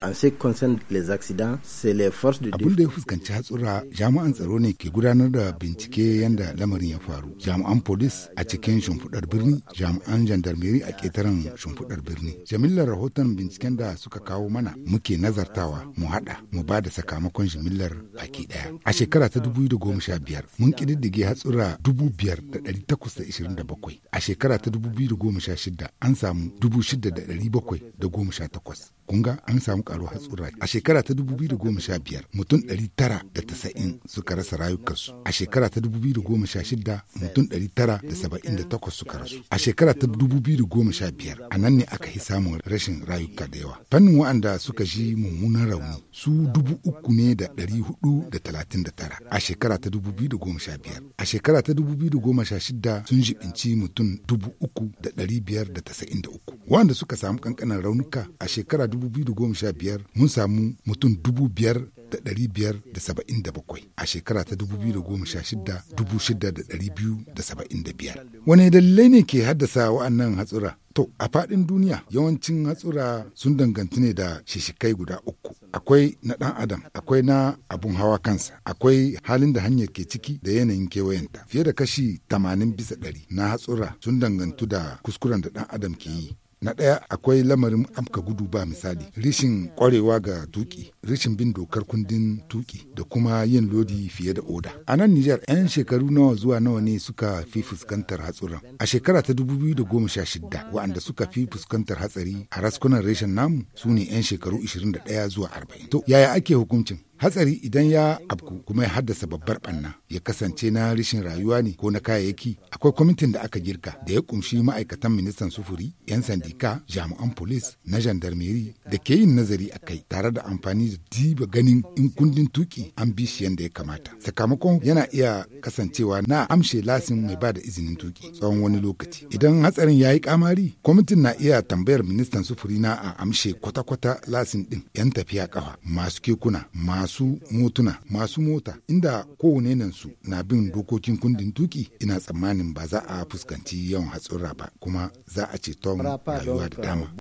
Abin da ya fuskanci hatsura jami'an tsaro ne ke gudanar da bincike yadda lamarin ya faru. Jami'an polis a cikin shimfiɗar birni, jami'an jandarmeri a ƙetaren shimfiɗar birni. Jimillar rahoton binciken da suka kawo mana muke nazartawa mu haɗa mu ba da sakamakon jimillar baki ɗaya. A shekara ta biyar mun ƙididdige hatsura bakwai. A shekara ta shida an samu takwas. kun ga an samu karuwar hatsura a shekara ta 2015 mutum 990 suka rasa rayukansu a shekara ta 2016 mutum 978 suka rasu a shekara ta 2015 a nan ne aka yi samun rashin rayuka da yawa fannin waɗanda suka ji mummunan rauni su dubu uku ne da ɗari da talatin da tara a shekara ta dubu biyu da goma sha biyar a shekara ta dubu biyu da goma sha shida sun jibinci mutum dubu uku da ɗari biyar da tasa'in da uku wanda suka samu kankanan raunuka a shekara dubu 2015 mun samu mutum 5,577 a shekara ta 2016 6,275. Wane dalilai ne ke haddasa wa'annan hatsura? To, a faɗin duniya yawancin hatsura sun danganci ne da shishikai guda uku. Akwai na ɗan adam, akwai na abun hawa kansa, akwai halin da hanyar ke ciki da yanayin kewayenta. Fiye da kashi 80 bisa ɗari na hatsura sun dangantu da kuskuren da ɗan adam ke yi. na ɗaya akwai lamarin amka gudu ba misali rishin ƙwarewa ga tuki rishin bin dokar kundin tuki da kuma yin lodi fiye da oda a nan nijar 'yan shekaru nawa zuwa nawa ne suka fi fuskantar hatsuran a shekara ta 2016 wa'anda suka fi fuskantar hatsari a raskunan reshen namu su ne 'yan shekaru 21 zuwa 40 to yaya ake hukuncin hatsari idan ya abku kuma ya haddasa babbar banna ya kasance na rishin rayuwa ne ko na kayayyaki akwai kwamitin da aka girka da ya kumshi ma'aikatan ministan sufuri yan sandika jami'an polis na jandarmeri da ke yin nazari a kai tare da amfani da diba ganin in kundin tuki an bi shi yadda ya kamata sakamakon yana iya kasancewa na amshe lasin mai ba da izinin tuki tsawon wani lokaci idan hatsarin ya yi kamari kwamitin na iya tambayar ministan sufuri na a amshe kwata-kwata lasin din yan tafiya kafa masu kekuna masu masu motuna masu mota inda kowane nan su na bin dokokin kundin tuki ina tsammanin ba za a fuskanci yawan hatsura ba kuma za a tom rayuwa da dama.